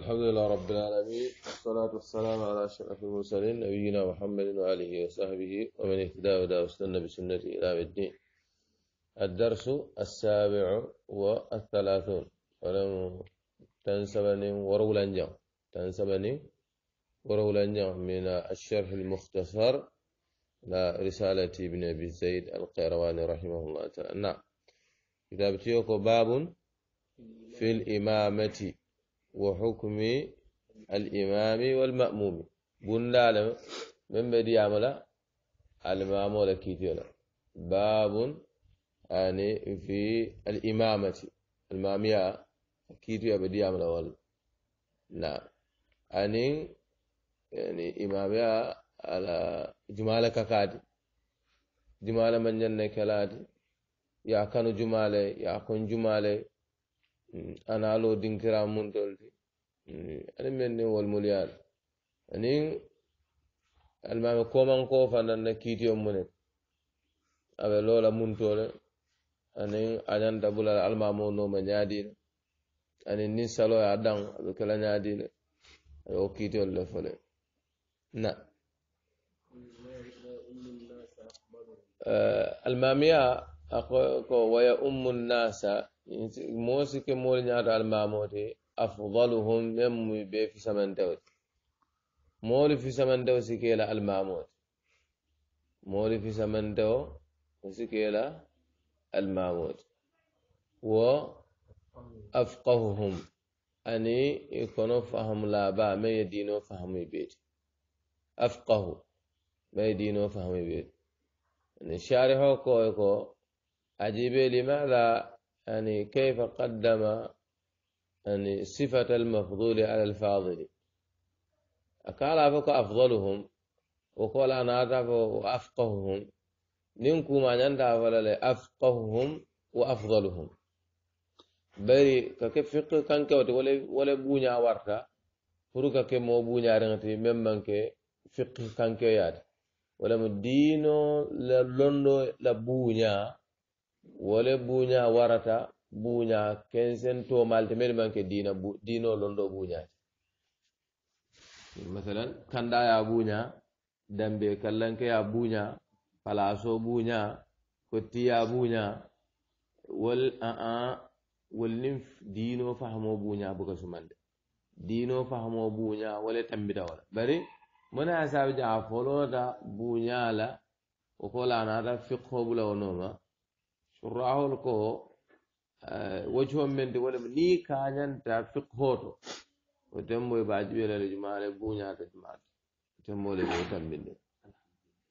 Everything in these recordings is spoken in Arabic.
الحمد لله رب العالمين والصلاة والسلام على أشرف المرسلين نبينا محمد وآله وصحبه ومن اهتدى بهداه واستنى بسنته إلى الدين الدرس السابع والثلاثون ولم تنسبني ورولنجا تنسبني ورولنجا من الشرح المختصر لرسالة ابن أبي زيد القيرواني رحمه الله تعالى نعم كتابتيوكو باب في الإمامة وحكم الإمام والمأموم قلنا لهم من بدي عمل الإمام ولا كيتيولا باب يعني في الإمامة المامية كيتيا بدي عمل ولا نعم يعني يعني إمامية على جمالة كاكادي جمالة من جنة كلادي يا كانوا جمالة يا كون جمالة أنا لو دين من دولتي ala men ni wol mulyal anin almami koman ko fananna kiitiyo munen aɓe loola muntole anin añanta bulal almamo noma ñaadile anin nin saloya dan aɓe kela ñaadile aɓe o kiitiyol le fole na almamiya ako ko waya ummu nnasa mo sikke mool ñaato almamote أفضلهم يم بي سمن دوت مول في سمن دو سكيلا المامود مول في سمن دو سكيلا المامود و أفقههم أني يكونوا فهم لا با ما يدينوا فهم بيت أفقه ما يدينوا فهم بيت يعني شارحه كويكو أجيب لماذا يعني كيف قدم يعني صفة المفضول على الفاضل أكال أفوك أفضلهم وقال أنا أعرف أفقههم ننكو ما نعرف أفقههم وأفضلهم بري كيف فقه كان كوتي ولا ولا بونيا وارتا فروكا كي مو بونيا رنتي ميم مانكي فقه كان كيات ولا مدينو لا لوندو لا بونيا ولا بونيا وارتا buña kensen to malte men manke dina bu dino londo buña مثلا كان يا بونيا dambe kallanka ya bunya falaso bunya kotti ya bunya wal a'a wal nin dino fahmo bunya buka sumande dino fahmo bunya wala tambida wala bari muna asabi ja folota bunya la o kola na ta fiqho bula onoma shurahul ko وجه من دول من ني كاجن تفق هوتو وتمو بعد بيلا الجماعه بونيا تجمعت تمو لي وتم بيلا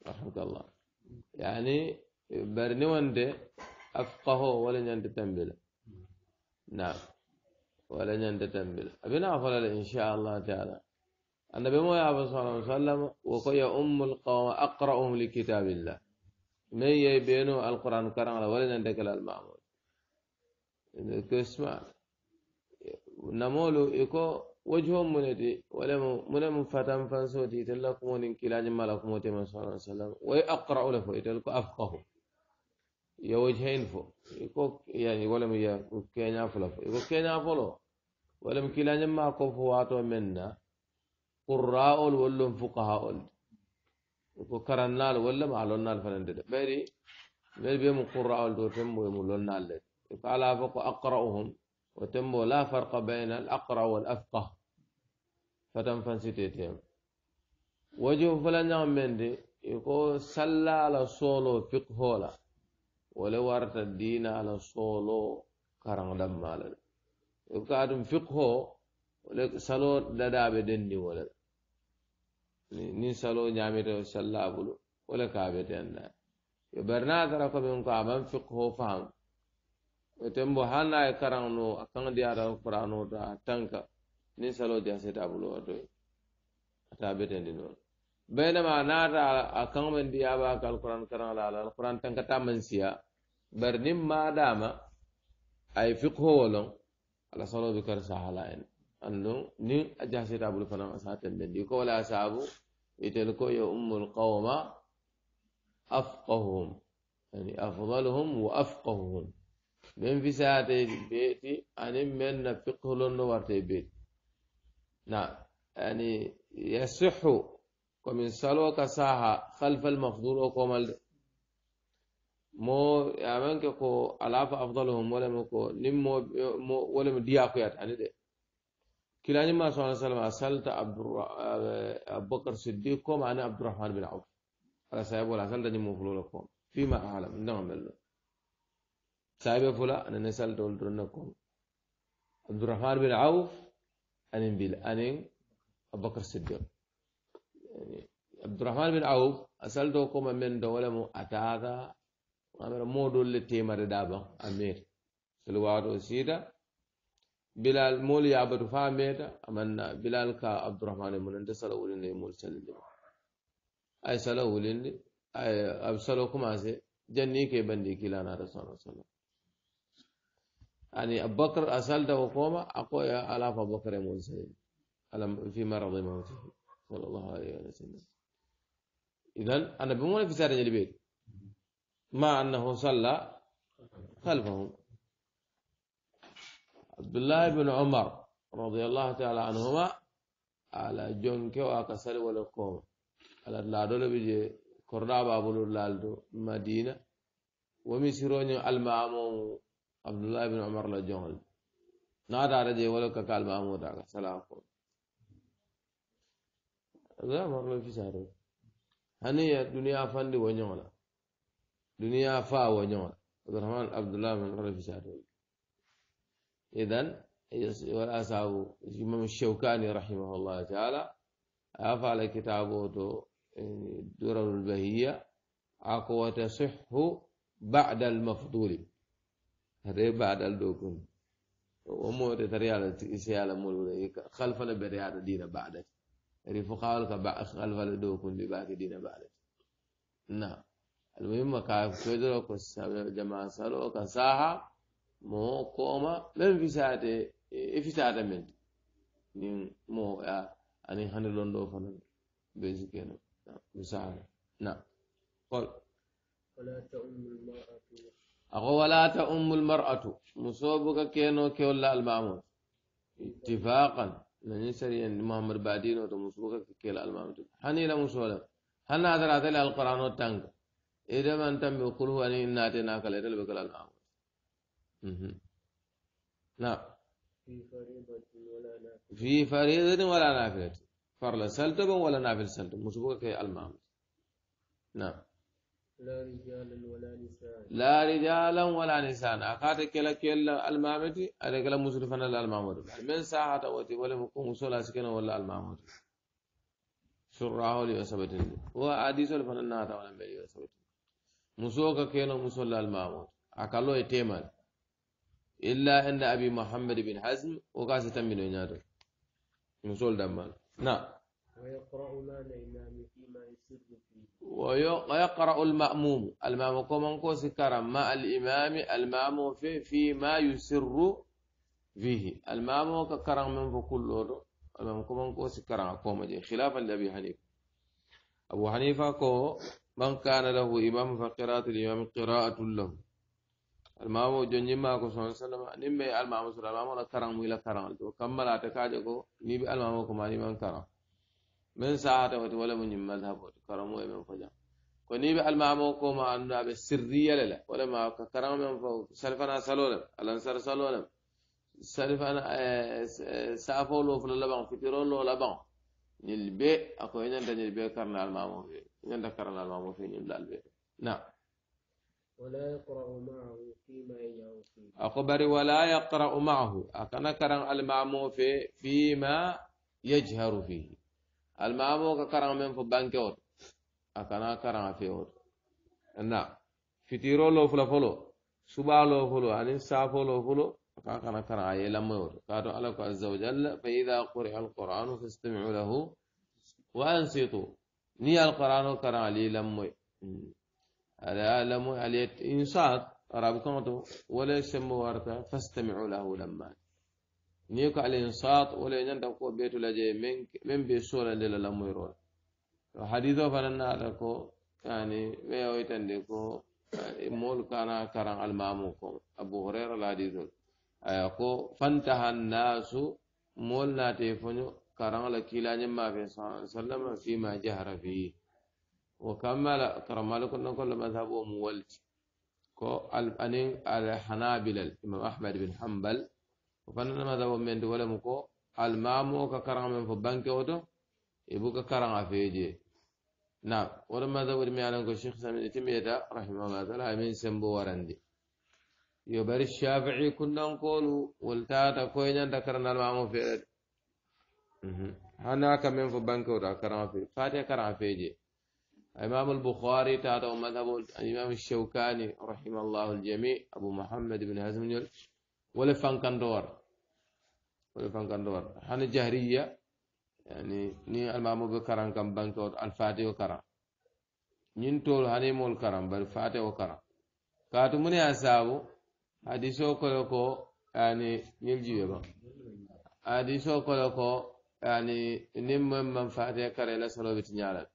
رحمك الله يعني برني وندي أفقه ولا ننت تنبل نعم ولا ننت تنبل أبنا فلا إن شاء الله تعالى النبي مو يا ابو صلى الله عليه وسلم وقيا أم القوم أقرأهم لكتاب الله من يبينوا القرآن كرم ولا ننت كلام المعمول كسمع نمولو إكو وجههم مندي ولا من من فتام فانسوتي تلاكم من كلاج مالكم وتم صلى الله عليه وسلم ويقرأ له تلكم أفقه يا وجهين فو إكو يعني ولا من يا كينيا فلو إكو كينيا فلو ولا من كلاج ما واتو منا قراء ولم فقهاء إكو كرنال ولا على فنندد بيري بيري بيم قراء ولدو تم ويم لنال قال أفق أقرأهم وتم لا فرق بين الأقرأ والأفقه فتم فنسيتيتهم وجه فلان من دي يقول سلا على صولو فقهولا ولو ارت الدين على صولو كرم دم مالا يقول فقهو ولك سلو ددابة دندي ولا ني سلو ñaamete سلا بلو ولك annaa yo يبرنا ko min ko aman fiqho faham tembo hanna e karaŋno a kaŋ diyata qur'ano to a tanka niŋ saloo diya seta bulo wato ye ata betendi noon baynama naata a kaŋ men diyaba ka alquran karaŋ la ala alquran tankata man siya bari niŋ maadama a ye fiqho wo loŋ ala saloo be kar sahala en andon niŋ a jaha seta bulo fanaŋ a saa tembendi ko wala saabu itel ko yo ummu lqawma afqahuhum yani afdaluhum wa afqahuhum من في ساتي بيتي أني من نفقه لنو ورتي بيت نعم أني يصح ومن صلوة كساها خلف المفضول وقوم مو يعمل كو ألاف أفضلهم ولا مكو نم مو مو ولا مدياقيات يعني أني ده كلا نما صلى الله عليه وسلم أسألت عبد بكر الصديق أنا عبد الرحمن بن عوف على سيبه ولا أسألت نم مفضول فيما أعلم نعم الله سايبه فلا أنا نسأل دول دونكم عبد الرحمن بن عوف أنين بيل أنين أبو بكر الصديق يعني عبد الرحمن بن عوف أسأل دوكم من دولة مو أتاغا أمر مودول لتيمة دابا أمير سلوات سيدا بلال مول يعبد فاميتا أمنا بلال كا عبد الرحمن من أنت سلو لندي مول سلندي أي سلو لندي أي أبسلو كما سي جنني كي بندي كلا نار صلى الله عليه وسلم يعني أبو بكر أسألته أقوى يا ألاف أبو بكر منسلم في مرض موته صلى الله عليه وسلم إذا أنا بمون في سارة البيت مع أنه صلى خلفهم عبد الله بن عمر رضي الله تعالى عنهما على جنك وأكسر ولقوم على اللادول بيجي كرنا بابلو اللادو مدينة ومسيرون المعمو عبد الله بن عمر له نادى رجل ولو كقال ما مو داك سلام خو لا مر له في سارو هني الدنيا فند ونيولا دنيا فا ونيولا عبد الرحمن عبد الله بن عمر في سارو إذن ولا ساو إمام الشوكاني رحمه الله تعالى أفا لكتابه تو درر البهية أقوى تصح بعد المفضول ري بعد الدوكم ومور تري على تيسي على مول ولا يك خلف على بري على دينا بعد ري فقال خلف على دي بعد دينا بعد نا نعم. المهم كاف كيدر كوس جماعة سلو مو كوما من في ساعة إيه في ساعة من نيم مو أني هني لندو فن بيزكينا نعم. بساعة نا نعم. قل ولا تؤمن المرأة أخو ولا المرأة مصوبك كينو كيولا المامون اتفاقا ننسري أن محمد بعدين وتمصوبك كيلا المامون هني لا مصولا هن هذا هذا القرآن وتانك إذا ما أنت بقول هو أني إن أتيناك لتل بكل المامون نعم في فريضة ولا نافلة فرلا سلتم ولا نافل سلتم مصوبك كي المامون نعم لا رجال ولا نساء لا رجال ولا نساء أخاتك كلا كلا المامتي على كلا مسرفنا للمامود من ساعة وتي ولا مكون مسلا سكنا ولا المامود سرعه لي وسبتن هو عادي سول فننا تا ولا مبي وسبتن مسوك كينو مسلا المامود أكلو يتيمال إلا عند أبي محمد بن حزم وقاسة تنبين نادر مسول دمال نعم ويقرأ ما لإمامه ويقرأ المأموم المأموم كمان كوس كرم مع الإمام المأموم في فيما يسر فيه المأموم ككرم من بكل المأموم كمان كوس كرم كوم خلافا لأبي حنيفة أبو حنيفة كو من كان له إمام فقراءة الإمام قراءة له المامو جنجي ماكو صلى الله عليه وسلم نمي المامو صلى الله عليه وسلم كرم إلى كرم وكمل أتكاجكو نيبي المامو كما من كرم من ساعات ولا من مذهب وتي كرمو من فجأة كوني بالمامو كوما عند السريه لا ولا ما كرم من فو سلفنا سلول الأنصار سلول سلفنا آه، آه، سافو لو فلا لبان فتيرو لو لبان نلبي أكو إن أنت نلبي كرنا المامو في إن كرم كرنا المامو في نلبي نعم ولا يقرأ معه فيما يعوف أخبر ولا يقرأ معه أكن كرن المامو في فيما يجهر فيه المامو كاران من في بانكور اكنا كاران في اور نعم فيتيرو لو فلو فلو سبا لو فلو ان سافو لو فلو كاكنا كاران اي لامور كادو الله عز وجل فاذا قرئ القران فاستمعوا له وانصتوا ني القران كاران لي لامي على لامي عليه إنسات ربكم تو ولا سمو ورتا فاستمعوا له لما ni ko alinsat wala ñanta ko beetu la je men be sola de la lamoyrol to hadis o fana naata ko yani weyoytande ko moolu kana karan almamu ko abu hurayra la hadisol aya ko fantaha nnasu moolu naate foño karan la kilañemmaɓe sa sallam fima jahra fihi wo kammala karamala ko non kolla madhabu o mu walti ko anin alhanabilal imam ahmad bin hambal وفنن ذا ومن ولا مكو المامو ككرم من فبانك ودو يبو كرم أفيجي نعم ولما ذا ورمي على الشيخ سامي تيمية رحمه الله تعالى من سمبو ورندي يبر الشافعي كنا نقول ولتاتا كوينا ذكرنا المامو في هناك من فبانك ودا كرم في فاتي كرم أفيجي إمام البخاري تعالى ومذهب الإمام الشوكاني رحمه الله الجميع أبو محمد بن هزم ولا فانكندور ولا فانكندور هن جهرية يعني ني المامو كران كم بانكور الفاتي كران نين تول هني مول كران بل فاتي كران كاتو مني أسابو حديثو كلكو يعني نيل با حديثو كلكو يعني نيم من فاتي كريلا سلو بتنيالا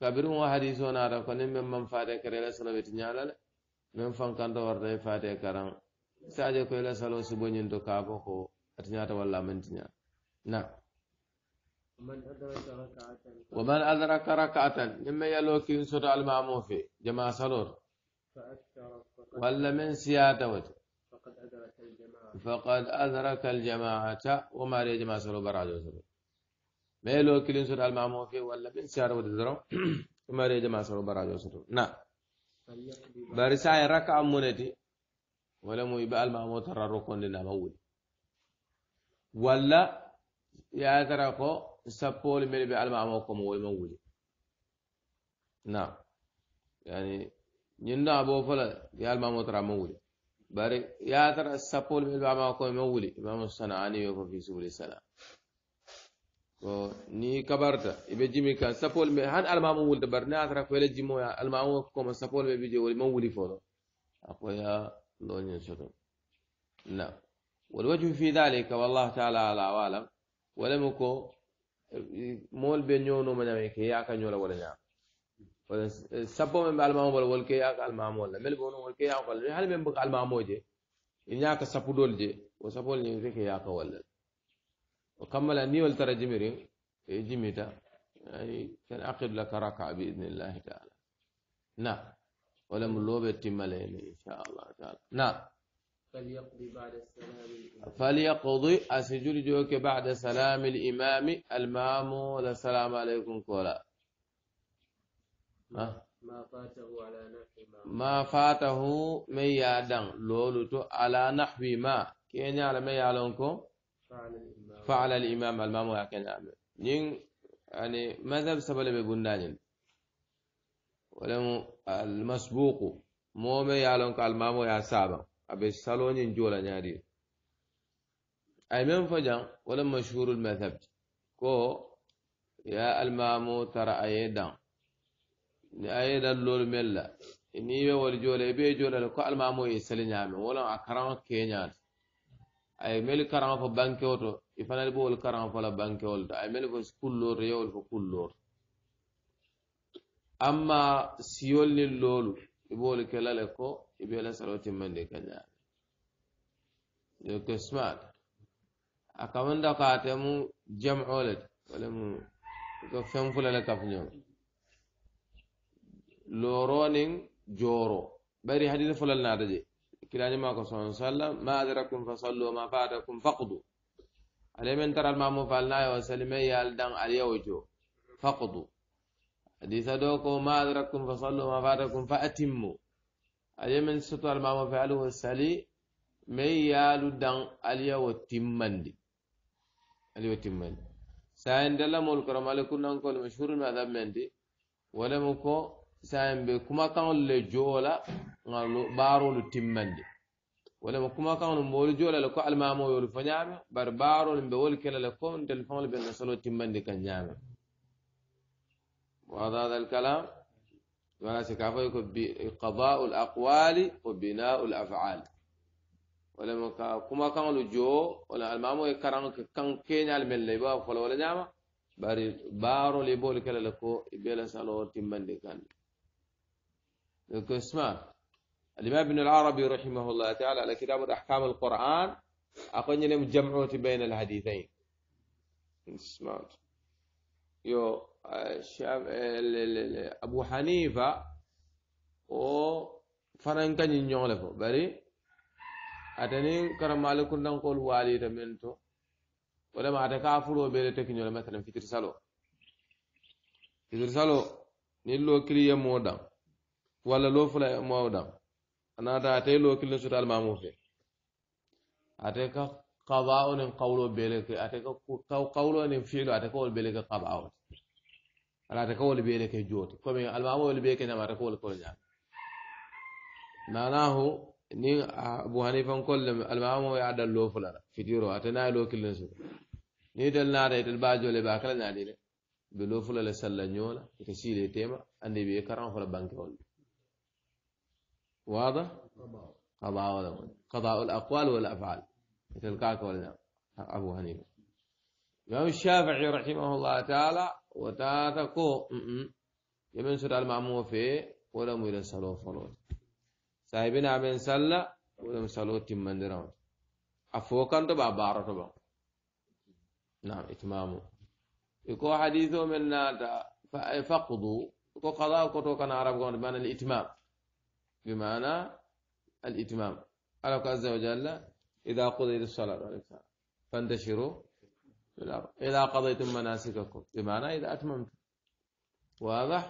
kabirin wa hadiso na da ko nin men man fate سلو la sala beti nyala le men saje ko la salo su bonin do ka boko atinyata wala mantinya na ومن أدرك ركعة لما يلوك ينصر المامو في جماعة ولا من سيادة فقد أدرك الجماعة فقد أدرك الجماعة وما ري جماعة صلور براجو صلور ما يلوك ينصر المامو ولا من سيادة ودرو وما ري جماعة صلور براجو صلور نعم برساء ركعة منتي ولا مو يبقى المامو ترى لنا مول ولا يا ترى كو سبول من يبقى المامو كمول مول نعم يعني نينا ابو فلا يا المامو ترى مول بري يا ترى سبول من يبقى المامو كمول امام الصنعاني يوفى في سبل السلام ko ni يبقى ibe jimi kan sapol me han almamu wulde bar ne atra fele jimo ya almamu ko ma sapol be bije wol man wuli نعم والوجه في ذلك والله تعالى على أعلم ولم يكن مول بين بنيونو من أمريكا يا كان كنيولا ولا نعم سبو من بعلم ما المامول والكي يا المامول مل بونو والكي يا قال هل من بعلم ما هو جي إن ياك سبب دول جي وسبب اللي يمسك يا ولا وكمل أني والترى جميرين إيه جميتا يعني تنعقد لك ركعة بإذن الله تعالى نعم ولم لوبة تملين إن شاء الله تعالى نعم فليقضي بعد السلام فليقضي أسجل جوك بعد سلام الإمام المامو السلام عليكم كولا ما ما فاته على نحو ما ما فاته من يادن لولتو على نحو ما كين يعلم يعلمكم فعل الإمام فعل الإمام المامو يا يعني ماذا بسبب بقول ولم المسبوق مو يعلم قال ما مو يا سابا أبي سالوني جولا نادي أي من فجا ولم مشهور المذهب كو يا المامو ترى ايدا ايدا لول ملا إني ولي جولا بي جولا لكو المامو يسلني عام ولا أكرم كينيا أي ملي كرم في بانكيوتو يفنال بول كرم فلا بانكيوتو أي ملي في سكولور يول في amma siyollin lolu ibolu kelale ko ibela sarotin mande kañaami yoke smart akamanda kaate mu jamole wala mu ko fenfulale kafñoo loronin joro bari hadin fulal naata je kilañima ko sa sallam ma adrakum fa sallu wama fatakum faqdu ale men taral mamo falnayo salime yal dan alyawo jo faqdu حديث دوكو ما أدرككم فصلوا ما فاتكم فأتموا أي من ستر ما فعله السالي من يالو دان أليا وتمندي أليا وتمندي ساين دلا مول كرم على كنا نقول مشهور ما ذا مندي ولا مكو ساين بكما كان لجولا قالوا بارو لتمندي ولا مكما كان مول جولا لكو المامو يولفنيام بربارو لمبول كلا لكو تلفون بين سلو تمندي كان وهذا هذا الكلام وانا يكون قضاء الأقوال وبناء الأفعال ولما كما كان لجو ولا المام يكران كان كينيا المليبا فلا ولا نعمه bari baaro لي بول kala la ko سالو salo timmande kan ko isma الإمام ابن العربي رحمه الله تعالى على كتاب أحكام القرآن أقول لهم جمعوا بين الحديثين اسمع يو أبو حنيفة وفرن كان ينجون بري أتنين كرم مالك نقول والي تمنتو ولا ما تكافروا بيرتك نيولا مثلا في ترسالو في ترسالو نيلو كلي مودا ولا لو فلا مودا أنا تاتي لو كلي سوتال ما موفي أتيك قضاء قولو بيلك أتيك قولو فعل أتيك قول بيلك قضاء alata kawol be leke joti comme almamol be ke namata kawol kol ñaami nanahu nin abu hanifan kolle almamo ya dal lo fulara fitiro atana lo killen su ni dal naata itel bajole ba kala naadi le be lo fulala salla ñola ite siile tema ande be karan fola banke wol واضح قضاء ولا قضاء الاقوال والافعال مثل كاك ولا ابو حنيفه الإمام الشافعي رحمه الله تعالى وتاتكو يمن سر المعمو في ولم مولى صلوا فلوت صاحبنا من سلا ولم مسلو تمن درون أفوكان تبع بارة تبع نعم إتمامه يكو حديثه من ناتا فقضوا يكو قضاء كتو كان عرب قوان بمعنى الإتمام بمعنى الإتمام الله عز وجل إذا قضيت الصلاة فانتشروا في الأرض إذا قضيتم مناسككم بمعنى إذا أتممتم واضح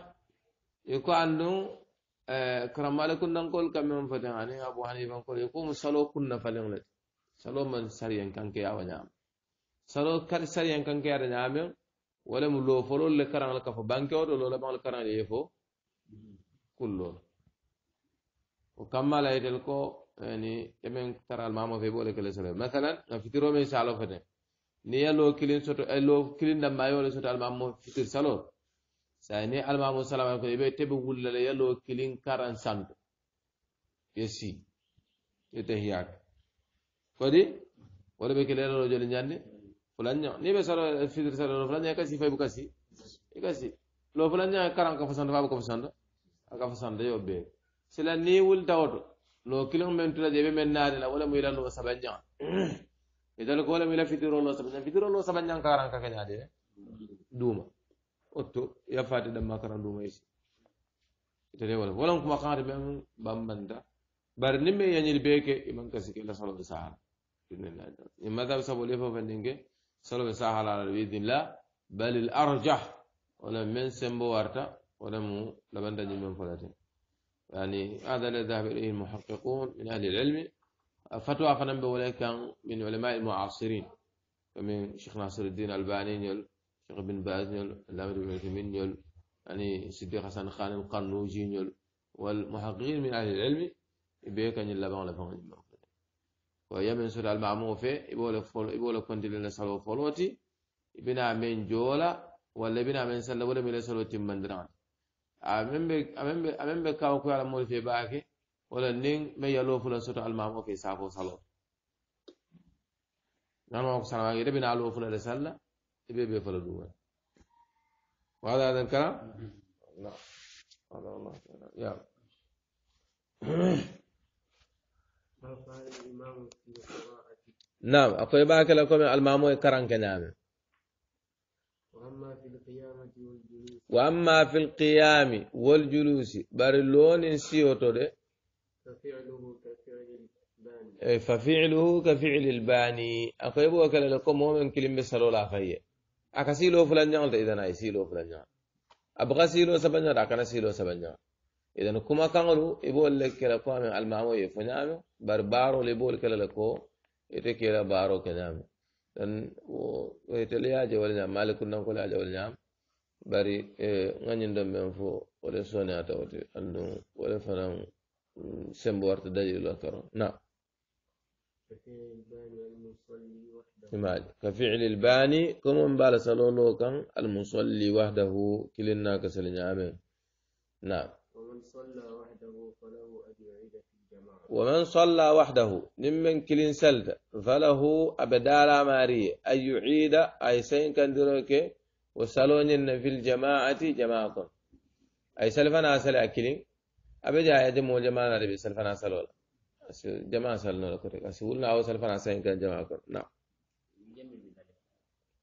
يقال له آه، كرم على نقول كم من فتح يعني أبو حنيفة نقول يقوم صلوا كنا فلين لك صلوا من سريا كان كي أوجام نعم. صلوا كار سريا كان كي أوجام نعم. ولم لو فلو لكرم لك فبانك أو ولا بانك لكرم يفو كله وكمل أيدلكو يعني كمن ترى المامو في بولك لسبب مثلا في ترومي سالو فتح ni ye loo kilin soto loo kilin dammayo le soto alimamo fitir salo sayi ni alimamo salama ko ibe tebe wulla le ye loo kilin karan santo ye si ye tehiyaka kodi wala be kele loo joli ñande fulanña ni be salo fitir salo lo fulanña kasi fay bu kasi i kasi lo fulanña karan ka fasanta faabu ka fasanta aka fasanta yo bee sila ni wulta woto loo kilin men tula je be men naani la wala mu yila loo sabanña إذن كل ميلا في تيرو لوسا بس في تيرو لوسا بنيان كاران كأني هذا دوما أتو يا فاتي دم ما كران دوما إيش تري ولا ولا مكما كان ربنا بام بندا بارني مي يعني البيك إمام كسيك الله صلوا بسها إن الله إما ذا بس أقول يفهم فندينك صلوا بسها على ربي دين لا بل الأرجح ولا من سبب أرتا ولا مو لبندا جمع فلاتين يعني هذا الذي ذهب إليه المحققون من أهل العلم فتوى فنم بولاي كان من علماء المعاصرين من شيخ ناصر الدين الباني نيول شيخ بن باز نيول علامة ابن عثيمين نيول يعني سيدي حسن خان القرنوجي نيول والمحققين من أهل العلم يبيك أن يلبان لبان ويمن سورة المعمو في يبولا فول يبولا كنت للنسال وفولوتي بنا من جولا ولا بنا من سلا ولا من سلوتي من دران أمم بك أمم بك أمم بك كاوكو على مول في باكي wala nin me yalo fula soto almamo ke safo salo nama ko salama ida bina alo fula de salla ibe be fala duma wala hada alkalam la wala allah ya نعم أقول باك لكم المامو كران كنام وأما في القيامة والجلوس وأما في القيام والجلوس بارلون سيوتو ففعله كفعل الباني إيه، أقرب وكل لكم هو من كلمة سلو لا خيه أكسيلو فلان جعل إذا ناي فلان جعل أبغى سيلو سبان جعل أكنا سيلو سبان إذا نكما كانوا يقول لك كلا قام المعمو يفنام بربارو يقول كلا لكو يتكلا بارو كنام dan weteliyaje wala ñam maliku nankolaje wala ñam bari ŋañindon men fo wala sone ata wote andum wala fanan سم بورت دليل الأكرة نعم. نعم كفعل الباني كم من بالسلون كان المصلي وحده كلنا كسلنا أمين نعم ومن صلى وحده فله أن يعيد في الجماعة ومن صلى وحده نمن كلين سلت فله أبدالا ماري أي يعيد أي سين كان دروك وسلون في الجماعة جماعة أي سلفنا سلأ كلين أبي ja yade mo jama na rebe sal fana جماعة wala لك jama sal no ko rek asu wulna جماعة sal fana نعم.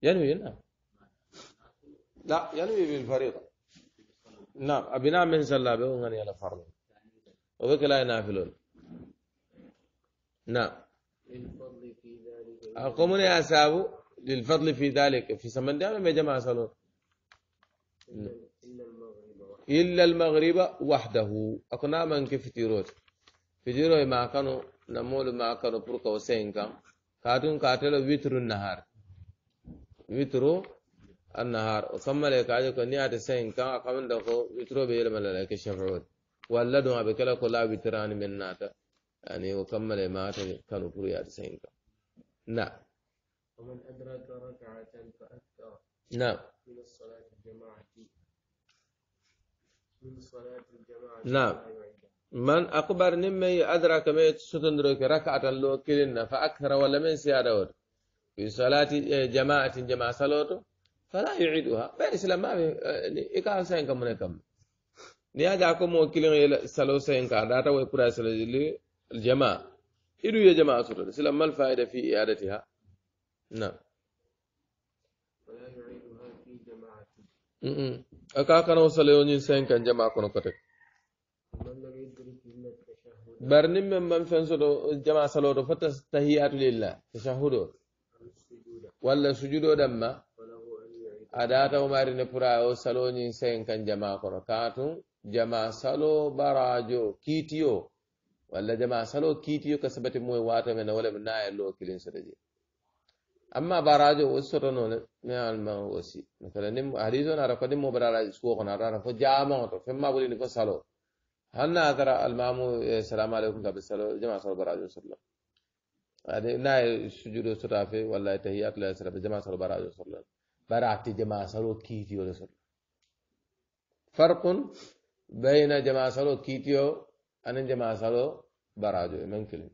ينوي نعم لا ينوي بالفريضة نعم أبناء نعم من صلى به وغني على فرض وبك لا ينافلون نعم أقومون يا سابو للفضل في ذلك في سمن دعنا ما جماعة صلون نعم إلا المغرب وحده أكنا من كيف تيروت في فتيرو ما كانوا نمول ما كانوا بركة وسين كاتون كاتلو ويتر النهار ويتر النهار وثم لك عجك نيات سين كان دخو ويترو بيلم لك شفعود ما بكلا كلا ويتران من ناتا يعني وكمل لما كانوا بريات سين نعم ومن أدرك ركعة فأكثر نعم من الصلاة الجماعة نعم من أكبر نمي أدرك ما ستندرك ركعة لو كلنا فأكثر ولا من سيادة في صلاة جماعة جماعة صلوته فلا يعيدها بين سلام ما في يعني إكال سين كم نكم نيا جاكم وكيلين سلو سين كاداتا ويبرا سلو الجماعة إدو يا جماعة صلاة سلام ما الفائدة في إعادتها نعم ولا يعيدها في جماعة aka kana salayo ñin cinquan jama kono kote bari nin men man fen soto jama saloto fo tahiyatu lillah tashahudo walla sujudo damma adata umari ne pura o salo ñin cinquan jama kono katum jama salo barajo kiitiyo walla jama salo kiitiyo ka sabati moye wata men wala mi naye lo kilin soto jee amma barajo o sotonole mi alma aussi مثلا nim hadiso nata ko nim mobarala suwokono atata fo jamaŋo to femma ɓolini fo salo hanna tara almamu salamu aleykum kaɓe salo jama salo barajo sallam ade naye sujudo sota fe walla tahiyatula salam jama salo barajo sallam bara ate jama salo kiitiyole sallam farqun bayna jama salo kiitiyo anin jama salo barajo e man kilin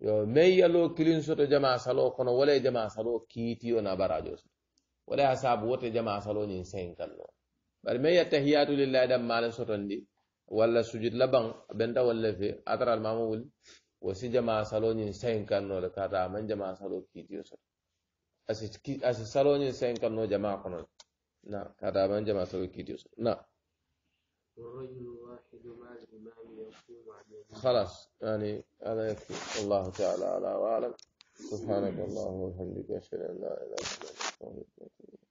yo mai yalo kilin soto jama salo kono wala jama salo kiitiyo na barajo soto wala hasabu wote jama salo ñin senkanno bari mai ya tahiyatu lillahi dam mala sotondi walla sujud laban benta walla fe ataral mama wuli wasi jama salo ñin senkanno kata man jama salo kiitiyo soto asi salo ñin senkanno jama kono na kata man jama salo kiitiyo soto na والرجل الواحد مع الإمام يقوم عن يمينه خلاص يعني هذا يكفي الله تعالى أعلى وأعلم سبحانك اللهم وبحمدك أشهد أن لا إله إلا أنت أستغفرك